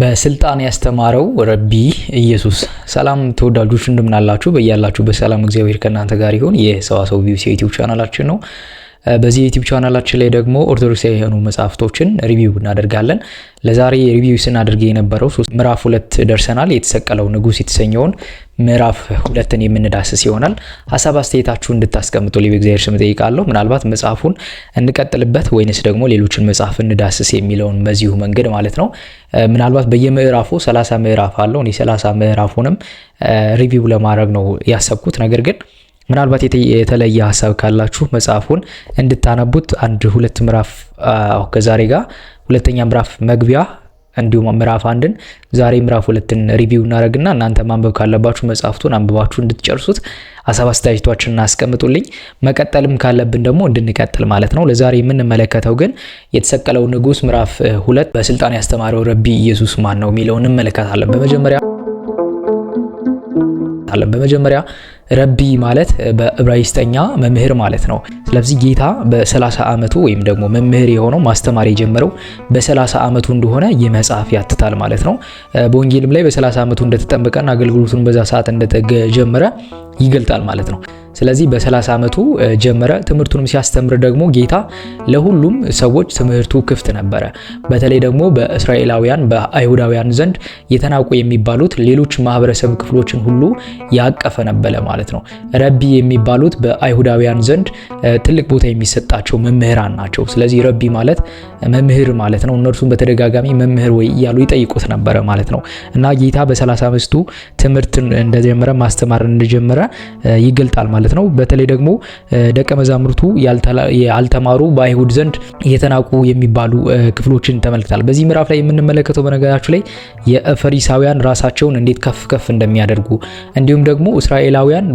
በስልጣን ያስተማረው ረቢ ኢየሱስ። ሰላም ተወዳጆች እንደምናላችሁ፣ በያላችሁ በሰላም እግዚአብሔር ከእናንተ ጋር ይሁን። የሰዋሰው ቢቢሲ ዩቲዩብ ቻናላችን ነው። በዚህ ዩቲዩብ ቻናላችን ላይ ደግሞ ኦርቶዶክሳዊ የሆኑ መጽሐፍቶችን ሪቪው እናደርጋለን። ለዛሬ ሪቪው ስናደርግ የነበረው ምዕራፍ ሁለት ደርሰናል። የተሰቀለው ንጉስ የተሰኘውን ምዕራፍ ሁለትን የምንዳስስ ይሆናል። ሀሳብ አስተያየታችሁ እንድታስቀምጡ ሊብ እግዚአብሔር ስም ጠይቃለሁ። ምናልባት መጽሐፉን እንቀጥልበት ወይንስ ደግሞ ሌሎችን መጽሐፍ እንዳስስ የሚለውን በዚሁ መንገድ ማለት ነው። ምናልባት በየምዕራፉ 30 ምዕራፍ አለው። እኔ 30 ምዕራፉንም ሪቪው ለማድረግ ነው ያሰብኩት ነገር ግን ምናልባት የተለየ ሀሳብ ካላችሁ መጽሐፉን እንድታነቡት አንድ ሁለት ምዕራፍ ከዛሬ ጋር ሁለተኛ ምዕራፍ መግቢያ እንዲሁም ምዕራፍ አንድን ዛሬ ምዕራፍ ሁለትን ሪቪው እናደረግና እናንተ ማንበብ ካለባችሁ መጽሐፍቱን አንብባችሁ እንድትጨርሱት ሀሳብ አስተያየቶችን እናስቀምጡልኝ። መቀጠልም ካለብን ደግሞ እንድንቀጥል ማለት ነው። ለዛሬ የምንመለከተው ግን የተሰቀለው ንጉሥ ምዕራፍ ሁለት በስልጣን ያስተማረው ረቢ ኢየሱስ ማን ነው የሚለውን እንመለከታለን። በመጀመሪያ እናመጣለን። በመጀመሪያ ረቢ ማለት በዕብራይስጠኛ መምህር ማለት ነው። ስለዚህ ጌታ በ30 ዓመቱ ወይም ደግሞ መምህር የሆነው ማስተማር የጀመረው በ30 ዓመቱ እንደሆነ ይህ መጽሐፍ ያትታል ማለት ነው። በወንጌልም ላይ በ30 ዓመቱ እንደተጠመቀና አገልግሎቱን በዛ ሰዓት እንደተጀመረ ይገልጣል ማለት ነው። ስለዚህ በ30 ዓመቱ ጀመረ። ትምህርቱንም ሲያስተምር ደግሞ ጌታ ለሁሉም ሰዎች ትምህርቱ ክፍት ነበረ። በተለይ ደግሞ በእስራኤላውያን በአይሁዳውያን ዘንድ የተናቁ የሚባሉት ሌሎች ማህበረሰብ ክፍሎችን ሁሉ ያቀፈ ነበረ ማለት ነው። ረቢ የሚባሉት በአይሁዳውያን ዘንድ ትልቅ ቦታ የሚሰጣቸው መምህራን ናቸው። ስለዚህ ረቢ ማለት መምህር ማለት ነው። እነርሱም በተደጋጋሚ መምህር ወይ እያሉ ይጠይቁት ነበረ ማለት ነው እና ጌታ በ30 ዓመቱ ትምህርትን እንደጀመረ ማስተማር እንደጀመረ ይገልጣል ማለት ማለት ነው። በተለይ ደግሞ ደቀ መዛሙርቱ ያልተማሩ በአይሁድ ዘንድ የተናቁ የሚባሉ ክፍሎችን ተመልክታል። በዚህ ምዕራፍ ላይ የምንመለከተው በነገራችሁ ላይ የፈሪሳውያን ራሳቸውን እንዴት ከፍ ከፍ እንደሚያደርጉ እንዲሁም ደግሞ እስራኤላውያን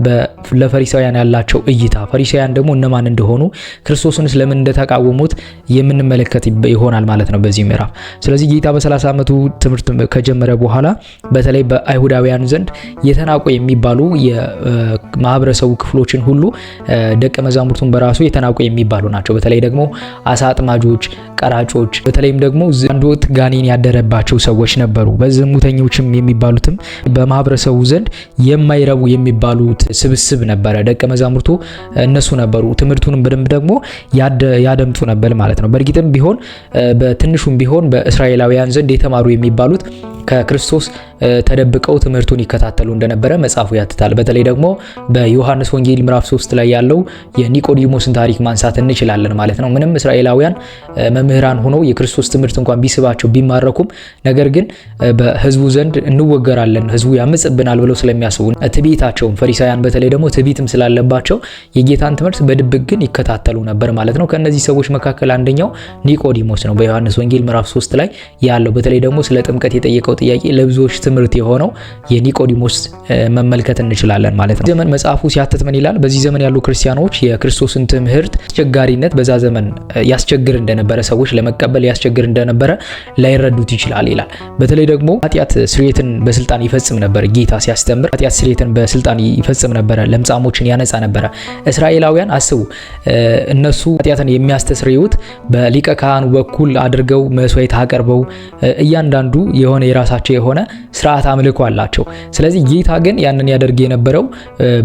ለፈሪሳውያን ያላቸው እይታ ፈሪሳውያን ደግሞ እነማን እንደሆኑ ክርስቶስንስ ለምን እንደተቃወሙት የምንመለከት ይሆናል ማለት ነው በዚህ ምዕራፍ። ስለዚህ ጌታ በ30 ዓመቱ ትምህርት ከጀመረ በኋላ በተለይ በአይሁዳውያን ዘንድ የተናቁ የሚባሉ የማህበረሰቡ ክፍሎች ክፍሎችን ሁሉ ደቀ መዛሙርቱን በራሱ የተናቁ የሚባሉ ናቸው። በተለይ ደግሞ አሳ አጥማጆች፣ ቀራጮች፣ በተለይም ደግሞ አንድ ወቅት ጋኔን ያደረባቸው ሰዎች ነበሩ። በዝሙተኞችም የሚባሉትም በማህበረሰቡ ዘንድ የማይረቡ የሚባሉት ስብስብ ነበረ። ደቀ መዛሙርቱ እነሱ ነበሩ። ትምህርቱንም በደንብ ደግሞ ያደምጡ ነበር ማለት ነው። በእርግጥም ቢሆን በትንሹም ቢሆን በእስራኤላውያን ዘንድ የተማሩ የሚባሉት ከክርስቶስ ተደብቀው ትምህርቱን ይከታተሉ እንደነበረ መጽሐፉ ያትታል። በተለይ ደግሞ በዮሐንስ ወንጌል ምዕራፍ 3 ላይ ያለው የኒቆዲሞስን ታሪክ ማንሳት እንችላለን ማለት ነው። ምንም እስራኤላውያን መምህራን ሆነው የክርስቶስ ትምህርት እንኳን ቢስባቸው ቢማረኩም፣ ነገር ግን በህዝቡ ዘንድ እንወገራለን፣ ህዝቡ ያምጽብናል ብለው ስለሚያስቡ ትዕቢታቸውም፣ ፈሪሳውያን በተለይ ደግሞ ትቢትም ስላለባቸው የጌታን ትምህርት በድብቅ ግን ይከታተሉ ነበር ማለት ነው። ከእነዚህ ሰዎች መካከል አንደኛው ኒቆዲሞስ ነው። በዮሐንስ ወንጌል ምዕራፍ 3 ላይ ያለው በተለይ ደግሞ ስለ ጥምቀት የጠየቀው ጥያቄ ለብዙዎች ትምህርት የሆነው የኒቆዲሞስ መመልከት እንችላለን ማለት ነው። ዘመን መጽሐፉ ሲያትት ምን ይላል? በዚህ ዘመን ያሉ ክርስቲያኖች የክርስቶስን ትምህርት አስቸጋሪነት በዛ ዘመን ያስቸግር እንደነበረ ሰዎች ለመቀበል ያስቸግር እንደነበረ ላይረዱት ይችላል ይላል። በተለይ ደግሞ ኃጢአት ስርየትን በስልጣን ይፈጽም ነበር። ጌታ ሲያስተምር ኃጢአት ስርየትን በስልጣን ይፈጽም ነበረ። ለምጻሞችን ያነጻ ነበረ። እስራኤላውያን አስቡ፣ እነሱ ኃጢአትን የሚያስተስርዩት በሊቀ ካህኑ በኩል አድርገው መስዋዕት አቀርበው እያንዳንዱ የሆነ የራሳቸው የሆነ ስርዓት አምልኮ አላቸው። ስለዚህ ጌታ ግን ያንን ያደርግ የነበረው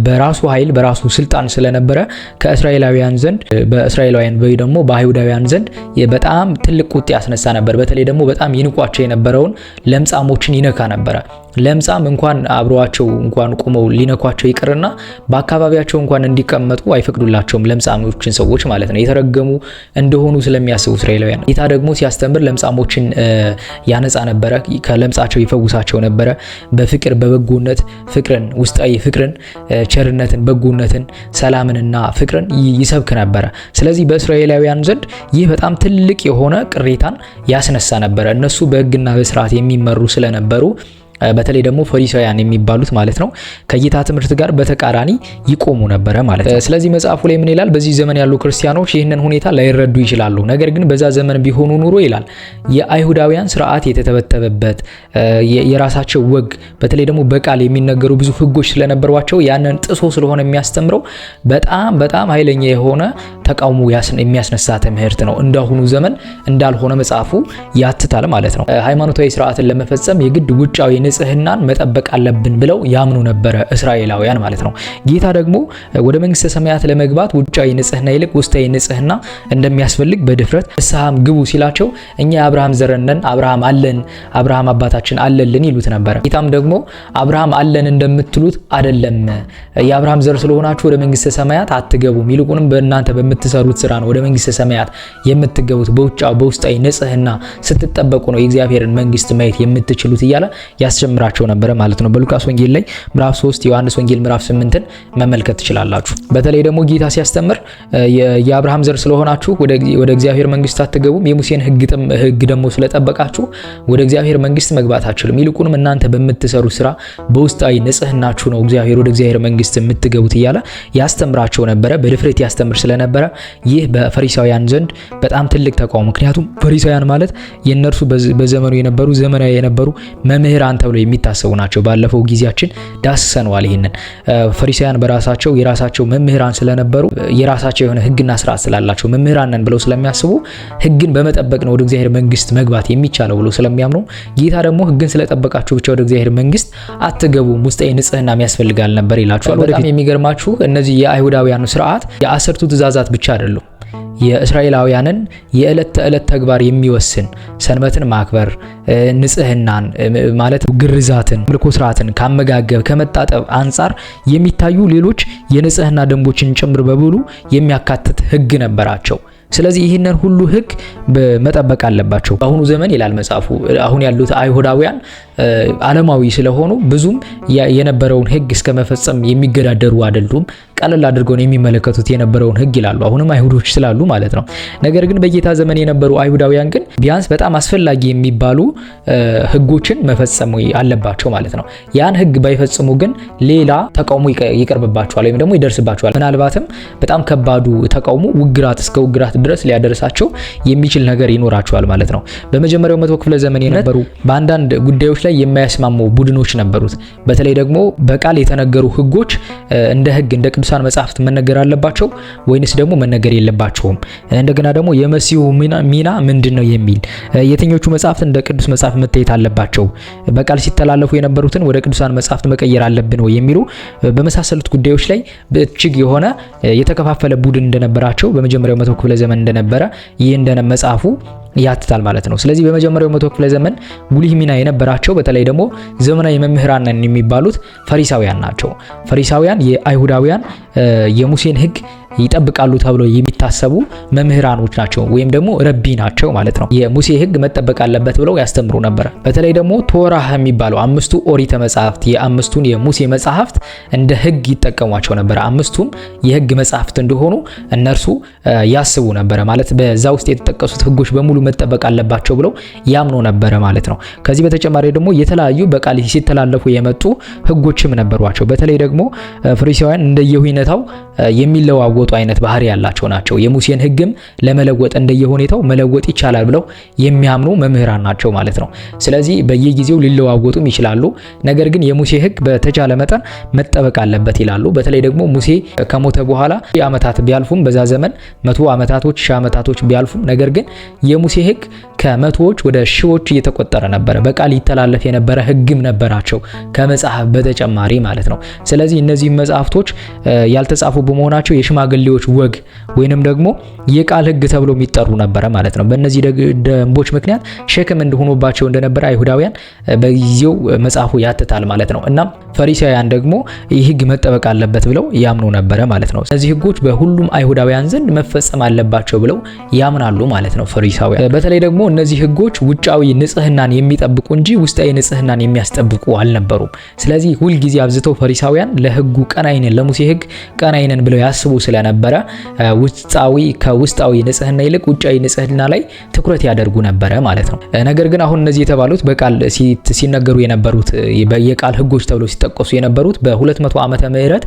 በራሱ ኃይል በራሱ ስልጣን ስለነበረ ከእስራኤላውያን ዘንድ በእስራኤላውያን ወይ ደግሞ በአይሁዳውያን ዘንድ በጣም ትልቅ ቁጣ ያስነሳ ነበር። በተለይ ደግሞ በጣም ይንቋቸው የነበረውን ለምጻሞችን ይነካ ነበረ። ለምጻም እንኳን አብረዋቸው እንኳን ቁመው ሊነኳቸው ይቅርና በአካባቢያቸው እንኳን እንዲቀመጡ አይፈቅዱላቸውም። ለምጻሞችን ሰዎች ማለት ነው የተረገሙ እንደሆኑ ስለሚያስቡ እስራኤላውያን። ጌታ ደግሞ ሲያስተምር ለምጻሞችን ያነጻ ነበረ፣ ከለምጻቸው ይፈውሳቸው ነበረ። በፍቅር በበጎነት ፍቅርን፣ ውስጣዊ ፍቅርን፣ ቸርነትን፣ በጎነትን፣ ሰላምንና ፍቅርን ይሰብክ ነበረ። ስለዚህ በእስራኤላውያን ዘንድ ይህ በጣም ትልቅ የሆነ ቅሬታን ያስነሳ ነበረ። እነሱ በህግና በስርዓት የሚመሩ ስለነበሩ በተለይ ደግሞ ፈሪሳውያን የሚባሉት ማለት ነው ከጌታ ትምህርት ጋር በተቃራኒ ይቆሙ ነበረ ማለት ነው። ስለዚህ መጽሐፉ ላይ ምን ይላል? በዚህ ዘመን ያሉ ክርስቲያኖች ይህንን ሁኔታ ላይረዱ ይችላሉ። ነገር ግን በዛ ዘመን ቢሆኑ ኑሮ ይላል የአይሁዳውያን ስርዓት የተተበተበበት የራሳቸው ወግ በተለይ ደግሞ በቃል የሚነገሩ ብዙ ህጎች ስለነበሯቸው ያንን ጥሶ ስለሆነ የሚያስተምረው በጣም በጣም ኃይለኛ የሆነ ተቃውሞ የሚያስነሳ ትምህርት ነው። እንዳሁኑ ዘመን እንዳልሆነ መጽሐፉ ያትታል ማለት ነው። ሃይማኖታዊ ስርዓትን ለመፈጸም የግድ ውጫዊ ንጽህናን መጠበቅ አለብን ብለው ያምኑ ነበረ እስራኤላውያን ማለት ነው። ጌታ ደግሞ ወደ መንግስተ ሰማያት ለመግባት ውጫዊ ንጽህና ይልቅ ውስጣዊ ንጽህና እንደሚያስፈልግ በድፍረት ንስሐም ግቡ ሲላቸው እኛ የአብርሃም ዘረነን አብርሃም አለን አብርሃም አባታችን አለልን ይሉት ነበረ። ጌታም ደግሞ አብርሃም አለን እንደምትሉት አደለም፣ የአብርሃም ዘር ስለሆናችሁ ወደ መንግስተ ሰማያት አትገቡም፣ ይልቁንም በእናንተ በምትሰሩት ስራ ነው ወደ መንግስተ ሰማያት የምትገቡት፣ በውጫ በውስጣዊ ንጽህና ስትጠበቁ ነው የእግዚአብሔርን መንግስት ማየት የምትችሉት እያለ አስጀምራቸው ነበረ ማለት ነው። በሉቃስ ወንጌል ላይ ምዕራፍ 3 ዮሐንስ ወንጌል ምዕራፍ 8ን መመልከት ትችላላችሁ። በተለይ ደግሞ ጌታ ሲያስተምር የአብርሃም ዘር ስለሆናችሁ ወደ እግዚአብሔር መንግስት አትገቡም፣ የሙሴን ህግ ደግሞ ስለጠበቃችሁ ወደ እግዚአብሔር መንግስት መግባት አችልም፣ ይልቁንም እናንተ በምትሰሩ ስራ በውስጣዊ ንጽህናችሁ ነው እግዚአብሔር ወደ እግዚአብሔር መንግስት የምትገቡት እያለ ያስተምራቸው ነበረ። በድፍረት ያስተምር ስለነበረ ይህ በፈሪሳውያን ዘንድ በጣም ትልቅ ተቃውሞ ምክንያቱም ፈሪሳውያን ማለት የእነርሱ በዘመኑ የነበሩ ዘመናዊ የነበሩ መምህራን ተብለው የሚታሰቡ ናቸው። ባለፈው ጊዜያችን ዳስሰነዋል። ይህንን ፈሪሳውያን በራሳቸው የራሳቸው መምህራን ስለነበሩ የራሳቸው የሆነ ህግና ስርዓት ስላላቸው መምህራን ነን ብለው ስለሚያስቡ ህግን በመጠበቅ ነው ወደ እግዚአብሔር መንግስት መግባት የሚቻለው ብለው ስለሚያምኑ ጌታ ደግሞ ህግን ስለጠበቃችሁ ብቻ ወደ እግዚአብሔር መንግስት አትገቡም፣ ውስጣዊ ንጽህና ያስፈልጋል ነበር ይላችኋል። በጣም የሚገርማችሁ እነዚህ የአይሁዳውያኑ ስርዓት የአስርቱ ትእዛዛት ብቻ አይደሉም የእስራኤላውያንን የዕለት ተዕለት ተግባር የሚወስን ሰንበትን ማክበር፣ ንጽህናን ማለት ግርዛትን፣ ምልኮ ስርዓትን ከአመጋገብ ከመጣጠብ አንጻር የሚታዩ ሌሎች የንጽህና ደንቦችን ጭምር በብሉ የሚያካትት ህግ ነበራቸው። ስለዚህ ይህንን ሁሉ ህግ መጠበቅ አለባቸው። በአሁኑ ዘመን ይላል መጽሐፉ፣ አሁን ያሉት አይሁዳውያን ዓለማዊ ስለሆኑ ብዙም የነበረውን ህግ እስከ መፈጸም የሚገዳደሩ አይደሉም። ቀለል አድርገው ነው የሚመለከቱት የነበረውን ህግ ይላሉ። አሁንም አይሁዶች ስላሉ ማለት ነው። ነገር ግን በጌታ ዘመን የነበሩ አይሁዳውያን ግን ቢያንስ በጣም አስፈላጊ የሚባሉ ህጎችን መፈጸሙ አለባቸው ማለት ነው። ያን ህግ ባይፈጽሙ ግን ሌላ ተቃውሞ ይቀርብባቸዋል ወይም ደግሞ ይደርስባቸዋል። ምናልባትም በጣም ከባዱ ተቃውሞ ውግራት፣ እስከ ውግራት ድረስ ሊያደርሳቸው የሚችል ነገር ይኖራቸዋል ማለት ነው። በመጀመሪያው መቶ ክፍለ ዘመን የነበሩ በአንዳንድ ጉዳዮች ላይ የማያስማሙ ቡድኖች ነበሩት። በተለይ ደግሞ በቃል የተነገሩ ህጎች እንደ ህግ እንደ ቅዱስ ቅዱሳን መጽሐፍት መነገር አለባቸው ወይንስ ደግሞ መነገር የለባቸውም? እንደገና ደግሞ የመሲሁ ሚና ምንድን ነው የሚል የትኞቹ መጽሐፍት እንደ ቅዱስ መጽሐፍ መታየት አለባቸው፣ በቃል ሲተላለፉ የነበሩትን ወደ ቅዱሳን መጽሐፍት መቀየር አለብን ወይ የሚሉ በመሳሰሉት ጉዳዮች ላይ እጅግ የሆነ የተከፋፈለ ቡድን እንደነበራቸው በመጀመሪያው መቶ ክፍለ ዘመን እንደነበረ ይህ እንደነ መጽሐፉ ያትታል ማለት ነው። ስለዚህ በመጀመሪያው መቶ ክፍለ ዘመን ጉልህ ሚና የነበራቸው በተለይ ደግሞ ዘመናዊ መምህራን የሚባሉት ፈሪሳውያን ናቸው። ፈሪሳውያን የአይሁዳውያን የሙሴን ሕግ ይጠብቃሉ ተብለው የሚታሰቡ መምህራኖች ናቸው ወይም ደግሞ ረቢ ናቸው ማለት ነው። የሙሴ ህግ መጠበቅ አለበት ብለው ያስተምሩ ነበረ። በተለይ ደግሞ ቶራህ የሚባለው አምስቱ ኦሪተ መጽሐፍት የአምስቱን የሙሴ መጽሐፍት እንደ ህግ ይጠቀሟቸው ነበር። አምስቱም የህግ መጽሐፍት እንደሆኑ እነርሱ ያስቡ ነበረ ማለት በዛ ውስጥ የተጠቀሱት ህጎች በሙሉ መጠበቅ አለባቸው ብለው ያምኖ ነበረ ማለት ነው። ከዚህ በተጨማሪ ደግሞ የተለያዩ በቃል ሲተላለፉ የመጡ ህጎችም ነበሯቸው። በተለይ ደግሞ ፈሪሳውያን እንደየሁኔታው የሚለዋወጡ የሚለውጡ አይነት ባህሪ ያላቸው ናቸው። የሙሴን ህግም ለመለወጥ እንደየሁኔታው መለወጥ ይቻላል ብለው የሚያምኑ መምህራን ናቸው ማለት ነው። ስለዚህ በየጊዜው ሊለዋወጡም ይችላሉ። ነገር ግን የሙሴ ህግ በተቻለ መጠን መጠበቅ አለበት ይላሉ። በተለይ ደግሞ ሙሴ ከሞተ በኋላ ዓመታት ቢያልፉም በዛ ዘመን መቶ ዓመታቶች ሺህ ዓመታቶች ቢያልፉም ነገር ግን የሙሴ ህግ ከመቶዎች ወደ ሺዎች እየተቆጠረ ነበረ። በቃል ይተላለፍ የነበረ ህግም ነበራቸው ከመጽሐፍ በተጨማሪ ማለት ነው። ስለዚህ እነዚህ መጽሐፍቶች ያልተጻፉ በመሆናቸው የሽማግሌዎች ወግ ወይንም ደግሞ የቃል ህግ ተብሎ የሚጠሩ ነበረ ማለት ነው። በእነዚህ ደንቦች ምክንያት ሸክም እንደሆኑባቸው እንደነበረ አይሁዳውያን በጊዜው መጽሐፉ ያትታል ማለት ነው። እናም ፈሪሳውያን ደግሞ ይህ ህግ መጠበቅ አለበት ብለው ያምኑ ነበረ ማለት ነው። እነዚህ ህጎች በሁሉም አይሁዳውያን ዘንድ መፈጸም አለባቸው ብለው ያምናሉ ማለት ነው። ፈሪሳውያን በተለይ ደግሞ እነዚህ ህጎች ውጫዊ ንጽህናን የሚጠብቁ እንጂ ውስጣዊ ንጽህናን የሚያስጠብቁ አልነበሩም። ስለዚህ ሁል ጊዜ አብዝተው ፈሪሳውያን ለህጉ ቀናይነን ለሙሴ ህግ ቀናይነን ብለው ያስቡ ስለነበረ ውስጣዊ ከውስጣዊ ንጽህና ይልቅ ውጫዊ ንጽህና ላይ ትኩረት ያደርጉ ነበረ ማለት ነው። ነገር ግን አሁን እነዚህ የተባሉት በቃል ሲነገሩ የነበሩት የቃል ህጎች ተብለው ሲጠቀሱ የነበሩት በ200 ዓመተ ምህረት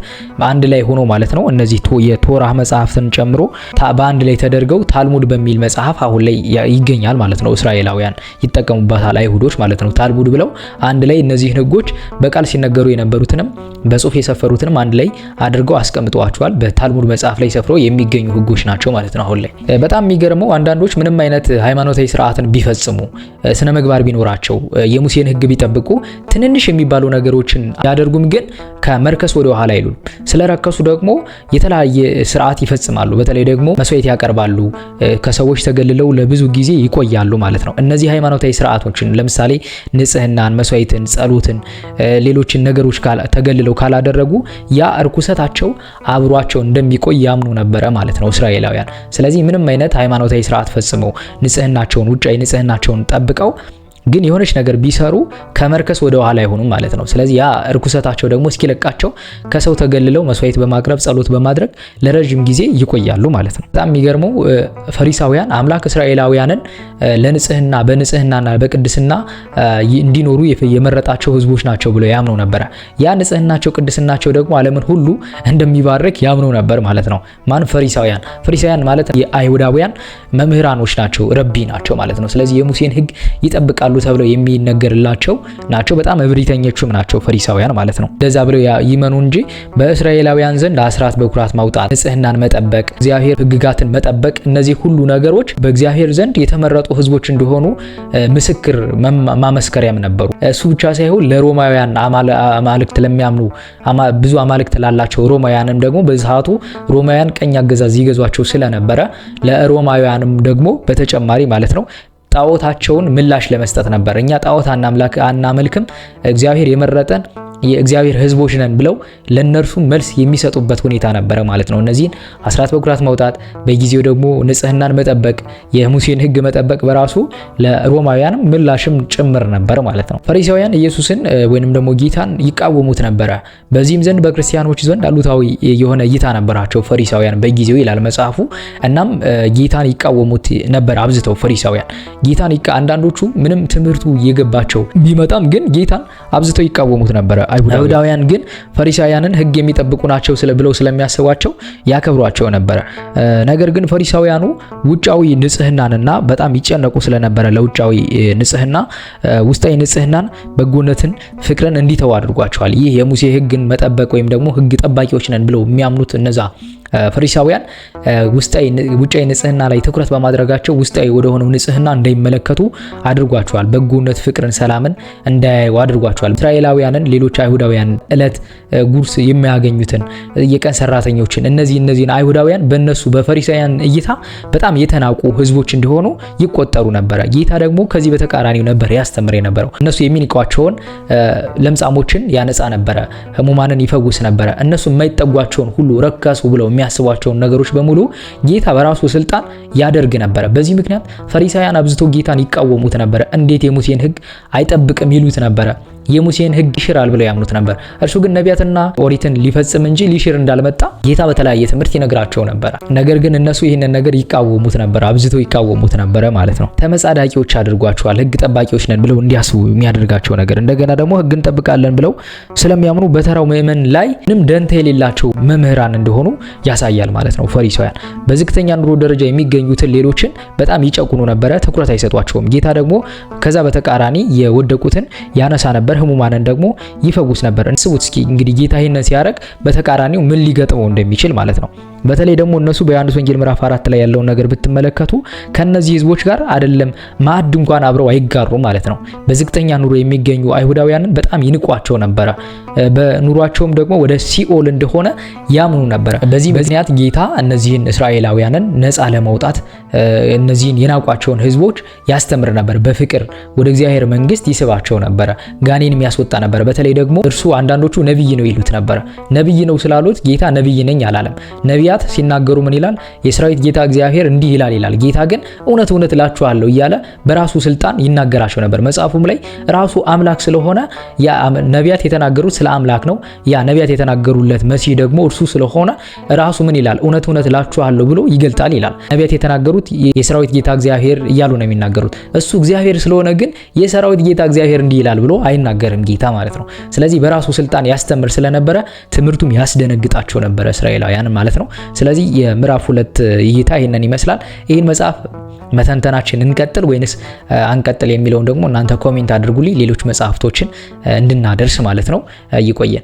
አንድ ላይ ሆኖ ማለት ነው እነዚህ የቶራህ መጽሐፍትን ጨምሮ በአንድ ላይ ተደርገው ታልሙድ በሚል መጽሐፍ አሁን ላይ ይገኛል ማለት ነው። ማለት ነው። እስራኤላውያን ይጠቀሙባታል፣ አይሁዶች ማለት ነው። ታልሙድ ብለው አንድ ላይ እነዚህን ህጎች በቃል ሲነገሩ የነበሩትንም በጽሁፍ የሰፈሩትንም አንድ ላይ አድርገው አስቀምጠዋቸዋል። በታልሙድ መጽሐፍ ላይ ሰፍረው የሚገኙ ህጎች ናቸው ማለት ነው። አሁን ላይ በጣም የሚገርመው አንዳንዶች ምንም አይነት ሃይማኖታዊ ስርዓትን ቢፈጽሙ ስነ ምግባር ቢኖራቸው የሙሴን ህግ ቢጠብቁ ትንንሽ የሚባሉ ነገሮችን ያደርጉም፣ ግን ከመርከስ ወደ ኋላ አይሉም። ስለረከሱ ደግሞ የተለያየ ስርዓት ይፈጽማሉ። በተለይ ደግሞ መስዋዕት ያቀርባሉ። ከሰዎች ተገልለው ለብዙ ጊዜ ይቆያሉ። ይችላሉ ማለት ነው። እነዚህ ሃይማኖታዊ ስርዓቶችን ለምሳሌ ንጽህናን፣ መስዋዕትን፣ ጸሎትን፣ ሌሎችን ነገሮች ተገልለው ካላደረጉ ያ እርኩሰታቸው አብሯቸው እንደሚቆይ ያምኑ ነበረ ማለት ነው እስራኤላውያን። ስለዚህ ምንም አይነት ሃይማኖታዊ ስርዓት ፈጽመው ንጽህናቸውን፣ ውጫዊ ንጽህናቸውን ጠብቀው ግን የሆነች ነገር ቢሰሩ ከመርከስ ወደ ኋላ አይሆኑም ማለት ነው። ስለዚህ ያ እርኩሰታቸው ደግሞ እስኪለቃቸው ከሰው ተገልለው መስዋዕት በማቅረብ ጸሎት በማድረግ ለረዥም ጊዜ ይቆያሉ ማለት ነው። በጣም የሚገርመው ፈሪሳውያን አምላክ እስራኤላውያንን ለንጽህና በንጽህናና በቅድስና እንዲኖሩ የመረጣቸው ህዝቦች ናቸው ብለው ያምነው ነበረ። ያ ንጽህናቸው፣ ቅድስናቸው ደግሞ ዓለምን ሁሉ እንደሚባርክ ያምነው ነበር ማለት ነው። ማን ፈሪሳውያን? ፈሪሳውያን ማለት የአይሁዳውያን መምህራኖች ናቸው፣ ረቢ ናቸው ማለት ነው። ስለዚህ የሙሴን ህግ ይጠብቃሉ ያውቃሉ ተብለው የሚነገርላቸው ናቸው። በጣም እብሪተኞቹም ናቸው ፈሪሳውያን ማለት ነው። ለዛ ብለው ይመኑ እንጂ በእስራኤላውያን ዘንድ አስራት በኩራት ማውጣት፣ ንጽህናን መጠበቅ፣ እግዚአብሔር ህግጋትን መጠበቅ እነዚህ ሁሉ ነገሮች በእግዚአብሔር ዘንድ የተመረጡ ህዝቦች እንደሆኑ ምስክር ማመስከሪያም ነበሩ። እሱ ብቻ ሳይሆን ለሮማውያን አማልክት ለሚያምኑ ብዙ አማልክት ላላቸው ሮማውያንም ደግሞ በዛቱ ሮማውያን ቀኝ አገዛዝ ይገዟቸው ስለነበረ ለሮማውያንም ደግሞ በተጨማሪ ማለት ነው ጣዖታቸውን ምላሽ ለመስጠት ነበር። እኛ ጣዖት አናምልክም፣ እግዚአብሔር የመረጠን የእግዚአብሔር ሕዝቦች ነን ብለው ለነርሱ መልስ የሚሰጡበት ሁኔታ ነበረ ማለት ነው። እነዚህን አስራት በኩራት ማውጣት፣ በጊዜው ደግሞ ንጽህናን መጠበቅ፣ የሙሴን ሕግ መጠበቅ በራሱ ለሮማውያንም ምላሽም ጭምር ነበር ማለት ነው። ፈሪሳውያን ኢየሱስን ወይንም ደግሞ ጌታን ይቃወሙት ነበረ። በዚህም ዘንድ በክርስቲያኖች ዘንድ አሉታዊ የሆነ እይታ ነበራቸው ፈሪሳውያን በጊዜው ይላል መጽሐፉ። እናም ጌታን ይቃወሙት ነበር አብዝተው ፈሪሳውያን ጌታን አንዳንዶቹ ምንም ትምህርቱ የገባቸው ቢመጣም ግን ጌታን አብዝተው ይቃወሙት ነበረ። አይሁዳውያን ግን ፈሪሳውያንን ህግ የሚጠብቁ ናቸው ብለው ስለሚያስቧቸው ያከብሯቸው ነበረ። ነገር ግን ፈሪሳውያኑ ውጫዊ ንጽህናንና በጣም ይጨነቁ ስለነበረ ለውጫዊ ንጽህና ውስጣዊ ንጽህናን፣ በጎነትን፣ ፍቅርን እንዲተው አድርጓቸዋል። ይህ የሙሴ ህግን መጠበቅ ወይም ደግሞ ህግ ጠባቂዎች ነን ብለው የሚያምኑት እነዛ ፈሪሳውያን ውጫዊ ንጽህና ላይ ትኩረት በማድረጋቸው ውስጣዊ ወደሆነው ንጽህና እንዳይመለከቱ አድርጓቸዋል። በጎነት፣ ፍቅርን፣ ሰላምን እንዳያዩ አድርጓቸዋል። እስራኤላውያንን፣ ሌሎች አይሁዳውያን እለት ጉርስ የሚያገኙትን የቀን ሰራተኞችን እነዚህ እነዚህን አይሁዳውያን በእነሱ በፈሪሳውያን እይታ በጣም የተናቁ ህዝቦች እንዲሆኑ ይቆጠሩ ነበረ። ጌታ ደግሞ ከዚህ በተቃራኒው ነበር ያስተምር የነበረው። እነሱ የሚንቋቸውን ለምጻሞችን ያነጻ ነበረ፣ ህሙማንን ይፈውስ ነበረ። እነሱ የማይጠጓቸውን ሁሉ ረከሱ ብለው የሚያስቧቸውን ነገሮች በሙሉ ጌታ በራሱ ስልጣን ያደርግ ነበረ። በዚህ ምክንያት ፈሪሳውያን አብዝቶ ጌታን ይቃወሙት ነበረ። እንዴት የሙሴን ሕግ አይጠብቅም ይሉት ነበረ። የሙሴን ሕግ ይሽራል ብለው ያምኑት ነበር። እርሱ ግን ነቢያትና ኦሪትን ሊፈጽም እንጂ ሊሽር እንዳልመጣ ጌታ በተለያየ ትምህርት ይነግራቸው ነበር ነገር ግን እነሱ ይህንን ነገር ይቃወሙት ነበር፣ አብዝተው ይቃወሙት ነበረ ማለት ነው። ተመጻዳቂዎች አድርጓቸዋል። ሕግ ጠባቂዎች ነን ብለው እንዲያስቡ የሚያደርጋቸው ነገር እንደገና ደግሞ ሕግ እንጠብቃለን ብለው ስለሚያምኑ በተራው ምእመን ላይ ምንም ደንታ የሌላቸው መምህራን እንደሆኑ ያሳያል ማለት ነው። ፈሪሳውያን በዝቅተኛ ኑሮ ደረጃ የሚገኙትን ሌሎችን በጣም ይጨቁኑ ነበረ፣ ትኩረት አይሰጧቸውም። ጌታ ደግሞ ከዛ በተቃራኒ የወደቁትን ያነሳ ነበር። ነበር፣ ህሙማንን ደግሞ ይፈውስ ነበር። እንስቡት እስኪ እንግዲህ ጌታ ይህንን ሲያደርግ በተቃራኒው ምን ሊገጥመው እንደሚችል ማለት ነው። በተለይ ደግሞ እነሱ በዮሐንስ ወንጌል ምዕራፍ አራት ላይ ያለውን ነገር ብትመለከቱ ከነዚህ ህዝቦች ጋር አይደለም ማዕድ እንኳን አብረው አይጋሩ ማለት ነው። በዝቅተኛ ኑሮ የሚገኙ አይሁዳውያንን በጣም ይንቋቸው ነበረ። በኑሯቸውም ደግሞ ወደ ሲኦል እንደሆነ ያምኑ ነበረ። በዚህ ምክንያት ጌታ እነዚህን እስራኤላውያንን ነፃ ለማውጣት እነዚህን የናቋቸውን ህዝቦች ያስተምር ነበር። በፍቅር ወደ እግዚአብሔር መንግስት ይስባቸው ነበረ። ጋኔንም ያስወጣ ነበረ። በተለይ ደግሞ እርሱ አንዳንዶቹ ነብይ ነው ይሉት ነበረ። ነብይ ነው ስላሉት ጌታ ነብይ ነኝ አላለም። ነቢያ ነቢያት ሲናገሩ ምን ይላል? የሰራዊት ጌታ እግዚአብሔር እንዲህ ይላል ይላል። ጌታ ግን እውነት እውነት እላችኋለሁ እያለ በራሱ ስልጣን ይናገራቸው ነበር። መጽሐፉም ላይ ራሱ አምላክ ስለሆነ ያ ነቢያት የተናገሩት ስለ አምላክ ነው። ያ ነቢያት የተናገሩለት መሲህ ደግሞ እርሱ ስለሆነ ራሱ ምን ይላል? እውነት እውነት እላችኋለሁ ብሎ ይገልጣል ይላል። ነቢያት የተናገሩት የሰራዊት ጌታ እግዚአብሔር እያሉ ነው የሚናገሩት። እሱ እግዚአብሔር ስለሆነ ግን የሰራዊት ጌታ እግዚአብሔር እንዲህ ይላል ብሎ አይናገርም ጌታ ማለት ነው። ስለዚህ በራሱ ስልጣን ያስተምር ስለነበረ ትምህርቱም ያስደነግጣቸው ነበረ እስራኤላውያን ማለት ነው። ስለዚህ የምዕራፍ ሁለት እይታ ይህንን ይመስላል። ይህን መጽሐፍ መተንተናችን እንቀጥል ወይንስ አንቀጥል የሚለውን ደግሞ እናንተ ኮሜንት አድርጉልኝ፣ ሌሎች መጽሐፍቶችን እንድናደርስ ማለት ነው። ይቆየን።